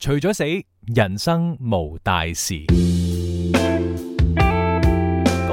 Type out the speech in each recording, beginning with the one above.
除咗死，人生無大事。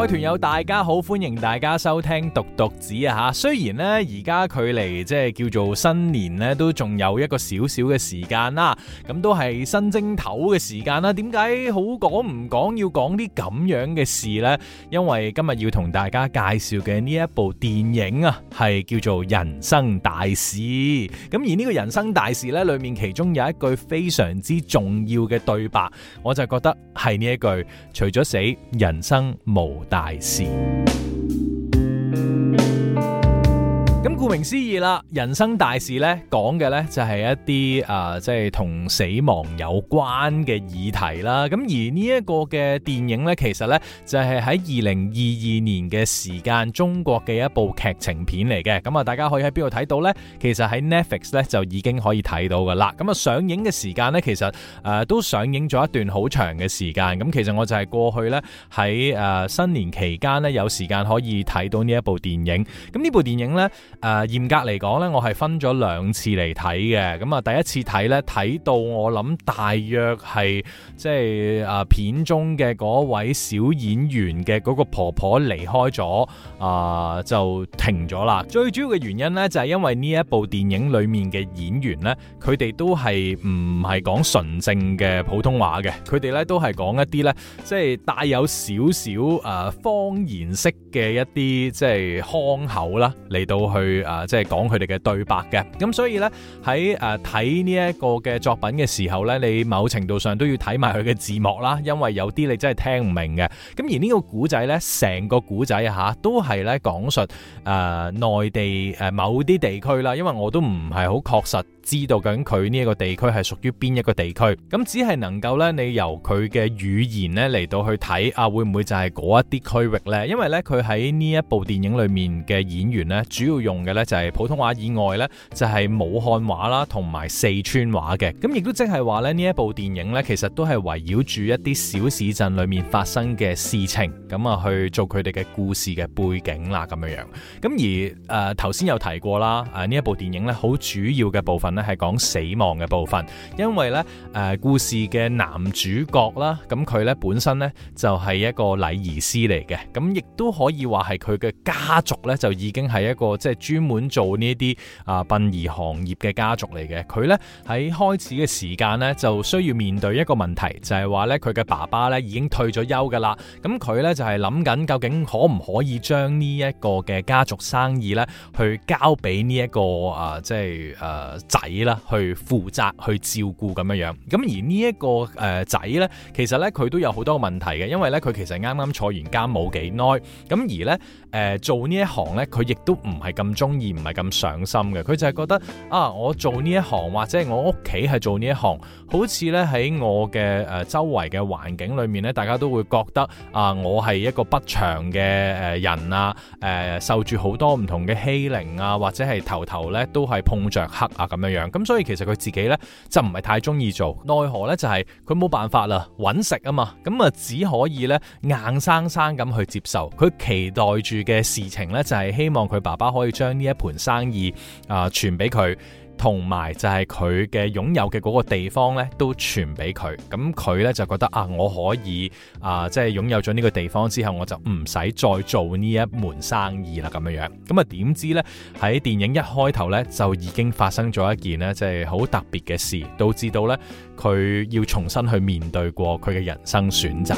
各位團友大家好，歡迎大家收聽獨讀子啊吓。雖然呢，而家距離即係叫做新年呢，都仲有一個小小嘅時間啦。咁都係新正頭嘅時間啦。點解好講唔講要講啲咁樣嘅事呢？因為今日要同大家介紹嘅呢一部電影啊，係叫做《人生大事》。咁而呢個人生大事呢，裏面其中有一句非常之重要嘅對白，我就覺得係呢一句：除咗死，人生無。大事。咁顧名思義啦，人生大事呢講嘅呢就係、是、一啲誒，即係同死亡有關嘅議題啦。咁而呢一個嘅電影呢，其實呢就係喺二零二二年嘅時間，中國嘅一部劇情片嚟嘅。咁啊，大家可以喺邊度睇到呢？其實喺 Netflix 呢就已經可以睇到㗎喇。咁啊，上映嘅時間呢，其實誒、呃、都上映咗一段好長嘅時間。咁其實我就係過去呢，喺誒、呃、新年期間呢，有時間可以睇到呢一部電影。咁呢部電影呢。誒，嚴、uh, 格嚟講咧，我係分咗兩次嚟睇嘅。咁啊，第一次睇咧，睇到我諗大約係即係誒片中嘅嗰位小演員嘅嗰個婆婆離開咗，啊就停咗啦。最主要嘅原因咧，就係、是、因為呢一部電影裏面嘅演員咧，佢哋都係唔係講純正嘅普通話嘅，佢哋咧都係講一啲咧，即係帶有少少誒方言式嘅一啲即係腔口啦嚟到去。誒、啊，即係講佢哋嘅對白嘅，咁所以呢，喺誒睇呢一個嘅作品嘅時候呢，你某程度上都要睇埋佢嘅字幕啦，因為有啲你真係聽唔明嘅。咁而呢個古仔呢，成個古仔吓都係咧講述誒內、呃、地誒、呃、某啲地區啦，因為我都唔係好確實知道究竟佢呢一個地區係屬於邊一個地區，咁只係能夠呢，你由佢嘅語言呢嚟到去睇啊，會唔會就係嗰一啲區域呢？因為呢，佢喺呢一部電影裏面嘅演員呢，主要用，嘅咧就係普通話以外咧就係、是、武漢話啦，同埋四川話嘅。咁亦都即係話咧呢一部電影咧，其實都係圍繞住一啲小市鎮裏面發生嘅事情，咁啊去做佢哋嘅故事嘅背景啦，咁樣樣。咁而誒頭先有提過啦，誒呢一部電影咧好主要嘅部分咧係講死亡嘅部分，因為咧誒、呃、故事嘅男主角啦，咁佢咧本身咧就係、是、一個禮儀師嚟嘅，咁亦都可以話係佢嘅家族咧就已經係一個即係。就是專門做呢啲啊殯儀行業嘅家族嚟嘅，佢咧喺開始嘅時間咧就需要面對一個問題，就係話咧佢嘅爸爸咧已經退咗休噶啦，咁佢咧就係諗緊究竟可唔可以將呢一個嘅家族生意咧去交俾、這個呃呃、呢一個啊即係誒仔啦去負責去照顧咁樣樣，咁而、這個呃、呢一個誒仔咧其實咧佢都有好多問題嘅，因為咧佢其實啱啱坐完監冇幾耐，咁而咧誒、呃、做呢一行咧佢亦都唔係咁。中意唔係咁上心嘅，佢就係覺得啊，我做呢一行或者我屋企係做呢一行，好似咧喺我嘅誒、呃、周圍嘅環境裏面咧，大家都會覺得啊、呃，我係一個不祥嘅誒人啊，誒、呃、受住好多唔同嘅欺凌啊，或者係頭頭咧都係碰着黑啊咁樣樣，咁所以其實佢自己咧就唔係太中意做，奈何咧就係佢冇辦法啦，搵食啊嘛，咁啊只可以咧硬生生咁去接受，佢期待住嘅事情咧就係、是、希望佢爸爸可以將。將呢一盤生意啊傳俾佢，同埋就係佢嘅擁有嘅嗰個地方咧，都傳俾佢。咁佢呢就覺得啊，我可以啊，即係擁有咗呢個地方之後，我就唔使再做呢一門生意啦。咁樣樣，咁啊點知呢？喺電影一開頭呢，就已經發生咗一件呢，即係好特別嘅事，導致到呢，佢要重新去面對過佢嘅人生選擇。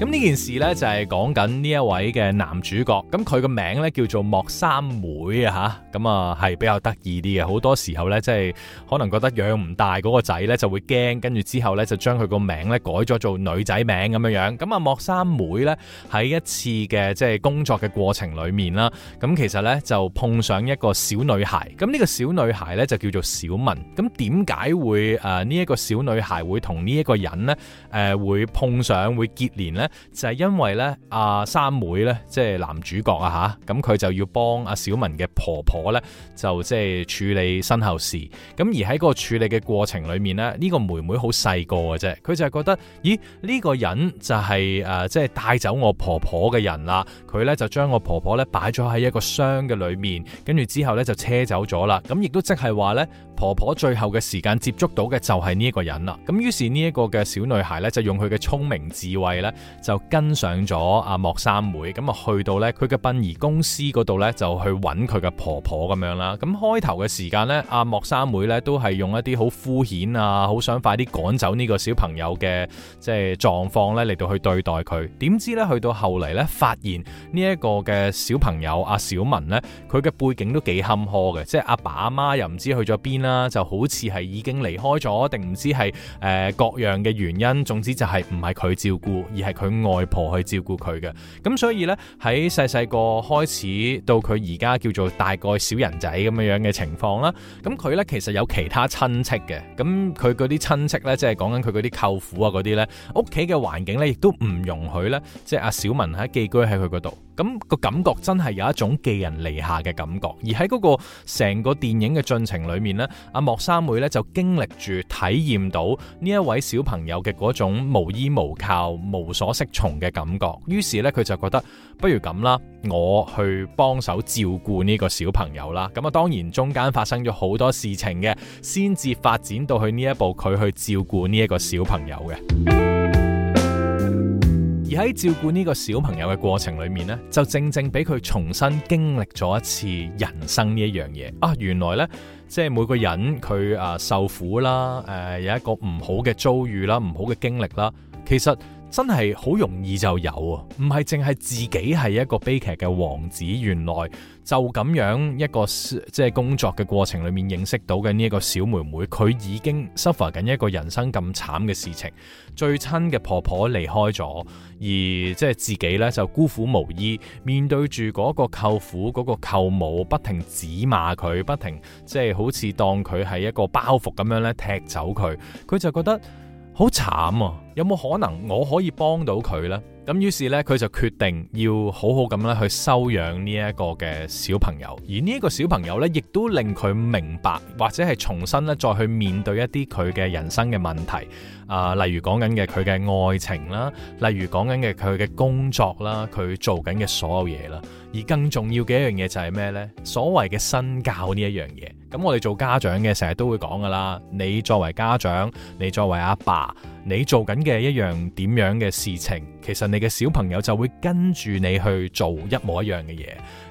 咁呢件事呢，就係講緊呢一位嘅男主角，咁佢個名呢，叫做莫三妹啊吓，咁啊係比較得意啲嘅，好多時候呢，即係可能覺得養唔大嗰個仔呢，就會驚，跟住之後呢，就將佢個名呢，改咗做女仔名咁樣樣。咁啊莫三妹呢，喺一次嘅即係工作嘅過程裏面啦，咁其實呢，就碰上一個小女孩。咁呢個小女孩呢，就叫做小文。咁點解會誒呢一個小女孩會同呢一個人呢，誒、呃、會碰上會結連呢？就係因為咧，阿三妹咧，即係男主角啊吓，咁佢就要幫阿小文嘅婆婆咧，就即係處理身後事。咁而喺個處理嘅過程裏面呢，呢個妹妹好細個嘅啫，佢就係覺得，咦，呢個人就係誒，即係帶走我婆婆嘅人啦。佢咧就將我婆婆咧擺咗喺一個箱嘅裡面，跟住之後咧就車走咗啦。咁亦都即係話咧，婆婆最後嘅時間接觸到嘅就係呢一個人啦。咁於是呢一個嘅小女孩咧，就用佢嘅聰明智慧咧。就跟上咗阿、啊、莫三妹，咁啊去到咧佢嘅殯儀公司嗰度咧，就去揾佢嘅婆婆咁樣啦。咁開頭嘅時間咧，阿、啊、莫三妹咧都係用一啲好敷衍啊，好想快啲趕走呢個小朋友嘅即係狀況咧嚟到去對待佢。點知咧去到後嚟咧，發現呢一個嘅小朋友阿、啊、小文咧，佢嘅背景都幾坎坷嘅，即係阿爸阿媽又唔知去咗邊啦，就好似係已經離開咗，定唔知係誒、呃、各樣嘅原因，總之就係唔係佢照顧，而係佢。外婆去照顧佢嘅，咁所以呢，喺細細個開始到佢而家叫做大個小人仔咁樣樣嘅情況啦，咁佢呢，其實有其他親戚嘅，咁佢嗰啲親戚呢，即係講緊佢嗰啲舅父啊嗰啲，呢屋企嘅環境呢，亦都唔容許呢。即係阿小文喺寄居喺佢嗰度。咁個感覺真係有一種寄人籬下嘅感覺，而喺嗰個成個電影嘅進程裏面咧，阿莫三妹咧就經歷住體驗到呢一位小朋友嘅嗰種無依無靠、無所適從嘅感覺，於是咧佢就覺得不如咁啦，我去幫手照顧呢個小朋友啦。咁啊，當然中間發生咗好多事情嘅，先至發展到去呢一步，佢去照顧呢一個小朋友嘅。而喺照顧呢個小朋友嘅過程裏面呢，就正正俾佢重新經歷咗一次人生呢一樣嘢啊！原來呢，即係每個人佢啊、呃、受苦啦，誒、呃、有一個唔好嘅遭遇啦，唔好嘅經歷啦，其實。真係好容易就有啊。唔係淨係自己係一個悲劇嘅王子，原來就咁樣一個即係工作嘅過程裏面認識到嘅呢一個小妹妹，佢已經 suffer 緊一個人生咁慘嘅事情，最親嘅婆婆離開咗，而即係自己呢，就孤苦無依，面對住嗰個舅父、嗰個舅母，不停指罵佢，不停即係好似當佢係一個包袱咁樣呢踢走佢，佢就覺得。好慘啊！有冇可能我可以幫到佢呢？咁於是呢，佢就決定要好好咁咧去收養呢一個嘅小朋友，而呢一個小朋友呢，亦都令佢明白或者係重新咧再去面對一啲佢嘅人生嘅問題啊、呃，例如講緊嘅佢嘅愛情啦，例如講緊嘅佢嘅工作啦，佢做緊嘅所有嘢啦。而更重要嘅一樣嘢就係咩咧？所謂嘅身教呢一樣嘢，咁我哋做家長嘅成日都會講噶啦。你作為家長，你作為阿爸，爸，你做緊嘅一樣點樣嘅事情，其實你嘅小朋友就會跟住你去做一模一樣嘅嘢。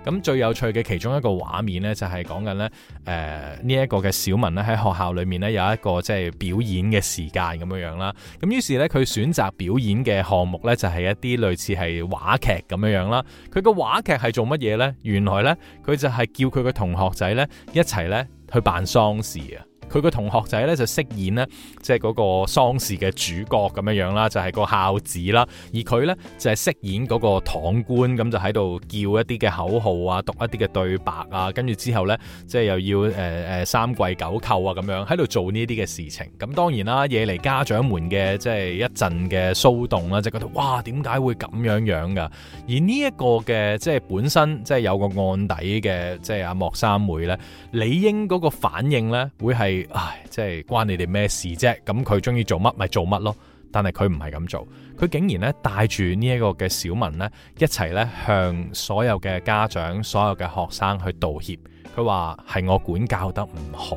咁最有趣嘅其中一個畫面咧，就係講緊咧，誒呢一個嘅小文咧喺學校裏面咧有一個即係表演嘅時間咁樣樣啦。咁於是咧佢選擇表演嘅項目咧就係一啲類似係話劇咁樣樣啦。佢個話劇係。做乜嘢咧？原來咧，佢就係叫佢嘅同學仔咧一齊咧去辦喪事啊！佢個同學仔咧就飾演呢，即係嗰個喪事嘅主角咁樣樣啦，就係、是、個孝子啦。而佢咧就係飾演嗰個堂官，咁就喺度叫一啲嘅口號啊，讀一啲嘅對白啊，跟住之後咧，即、就、係、是、又要誒誒、呃、三跪九叩啊咁樣喺度做呢啲嘅事情。咁當然啦，惹嚟家長們嘅即係一陣嘅騷動啦，就覺得哇點解會咁樣樣噶？而呢一個嘅即係本身即係、就是、有個案底嘅，即、就、係、是、阿莫三妹咧，理應嗰個反應咧會係。唉，即係關你哋咩事啫？咁佢中意做乜咪做乜咯。但係佢唔係咁做，佢竟然咧帶住呢一個嘅小文咧一齊咧向所有嘅家長、所有嘅學生去道歉。佢話係我管教得唔好。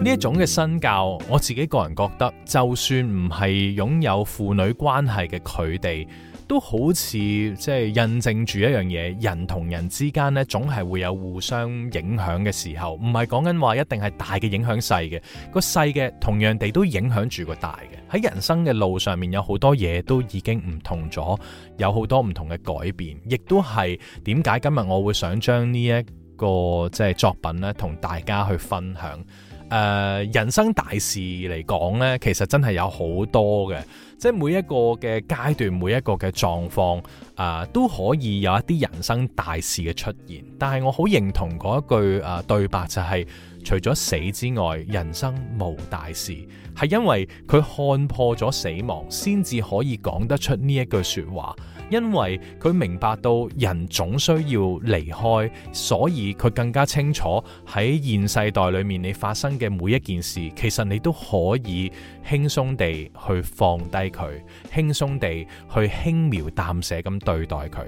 呢一 種嘅身教，我自己個人覺得，就算唔係擁有父女關係嘅佢哋，都好似即係印證住一樣嘢，人同人之間咧，總係會有互相影響嘅時候，唔係講緊話一定係大嘅影響細嘅，個細嘅同樣地都影響住個大嘅。喺人生嘅路上面，有好多嘢都已經唔同咗，有好多唔同嘅改變，亦都係點解今日我會想將呢一個即係、就是、作品咧，同大家去分享。誒、呃，人生大事嚟講呢，其實真係有好多嘅，即係每一個嘅階段，每一個嘅狀況，啊、呃，都可以有一啲人生大事嘅出現。但係我好認同嗰一句誒、呃、對白、就是，就係除咗死之外，人生無大事，係因為佢看破咗死亡，先至可以講得出呢一句說話。因為佢明白到人總需要離開，所以佢更加清楚喺現世代裏面，你發生嘅每一件事，其實你都可以輕鬆地去放低佢，輕鬆地去輕描淡寫咁對待佢。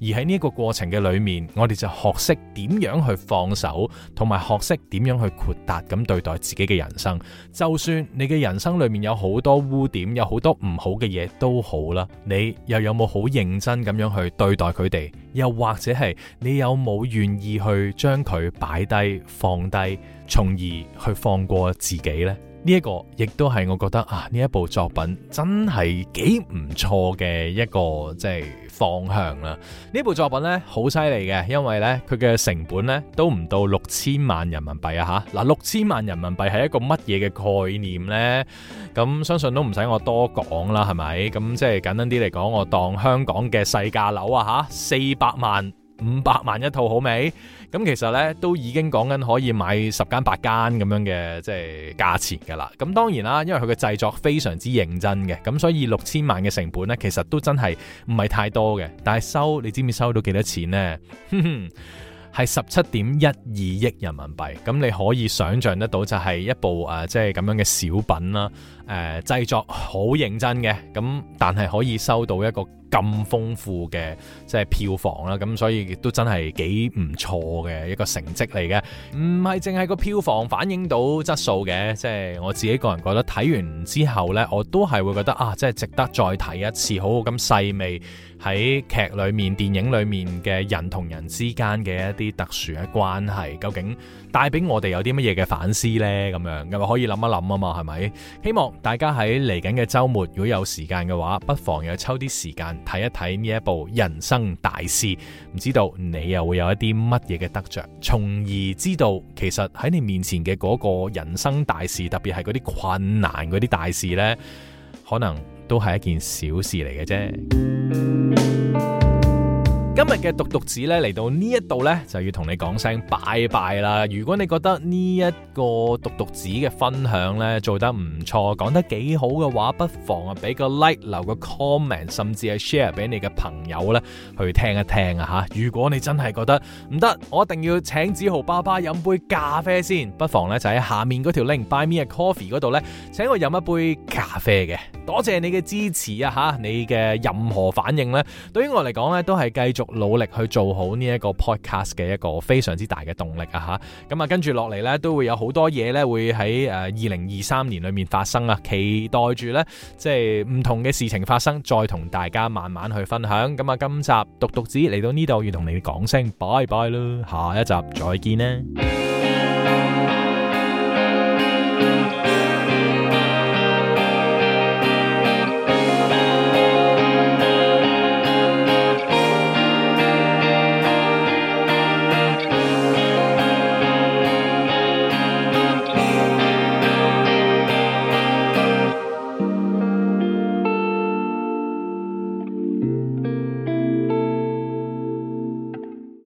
而喺呢個過程嘅裏面，我哋就學識點樣去放手，同埋學識點樣去豁達咁對待自己嘅人生。就算你嘅人生裏面有好多污點，有好多唔好嘅嘢都好啦，你又有冇好認？認真咁樣去對待佢哋，又或者係你有冇願意去將佢擺低、放低，從而去放過自己呢？呢一個亦都係我覺得啊，呢一部作品真係幾唔錯嘅一個即係、就是、方向啦。呢部作品呢，好犀利嘅，因為呢，佢嘅成本呢都唔到六千萬人民幣啊。吓、啊、嗱，六、啊、千萬人民幣係一個乜嘢嘅概念呢？咁相信都唔使我多講啦，係咪？咁即係簡單啲嚟講，我當香港嘅細價樓啊，吓四百萬。五百萬一套好未？咁其實呢，都已經講緊可以買十間八間咁樣嘅即係價錢噶啦。咁當然啦，因為佢嘅製作非常之認真嘅，咁所以六千萬嘅成本呢，其實都真係唔係太多嘅。但係收你知唔知收到幾多錢呢？哼哼，係十七點一二億人民幣。咁你可以想象得到就係一部誒即係咁樣嘅小品啦。誒、呃、製作好認真嘅，咁但係可以收到一個咁豐富嘅即係票房啦，咁、啊嗯、所以亦都真係幾唔錯嘅一個成績嚟嘅。唔係淨係個票房反映到質素嘅，即、就、係、是、我自己個人覺得睇完之後呢，我都係會覺得啊，即、就、係、是、值得再睇一次，好好咁細味，喺劇裡面、電影裡面嘅人同人之間嘅一啲特殊嘅關係，究竟帶俾我哋有啲乜嘢嘅反思呢？咁樣咁啊，可以諗一諗啊嘛，係咪？希望大家喺嚟緊嘅週末，如果有時間嘅話，不妨又抽啲時間睇一睇呢一部人生大事。唔知道你又會有一啲乜嘢嘅得着，從而知道其實喺你面前嘅嗰個人生大事，特別係嗰啲困難嗰啲大事呢，可能都係一件小事嚟嘅啫。今日嘅獨讀子咧嚟到呢一度咧，就要同你講聲拜拜啦。如果你覺得呢一個獨讀子嘅分享咧做得唔錯，講得幾好嘅話，不妨啊俾個 like，留個 comment，甚至係 share 俾你嘅朋友咧去聽一聽啊吓。如果你真係覺得唔得，我一定要請梓豪爸爸飲杯咖啡先，不妨呢，就喺下面嗰條 link buy me a coffee 嗰度呢，請我飲一杯咖啡嘅。多謝你嘅支持啊吓，你嘅任何反應呢，對於我嚟講呢，都係繼續努力去做好呢一個 podcast 嘅一個非常之大嘅動力啊吓，咁啊跟住落嚟呢，都會有好多嘢呢會喺誒二零二三年裏面發生啊，期待住呢，即係唔同嘅事情發生，再同大家慢慢去分享。咁啊今集獨讀子嚟到呢度要同你哋講聲拜拜啦，下一集再見啦。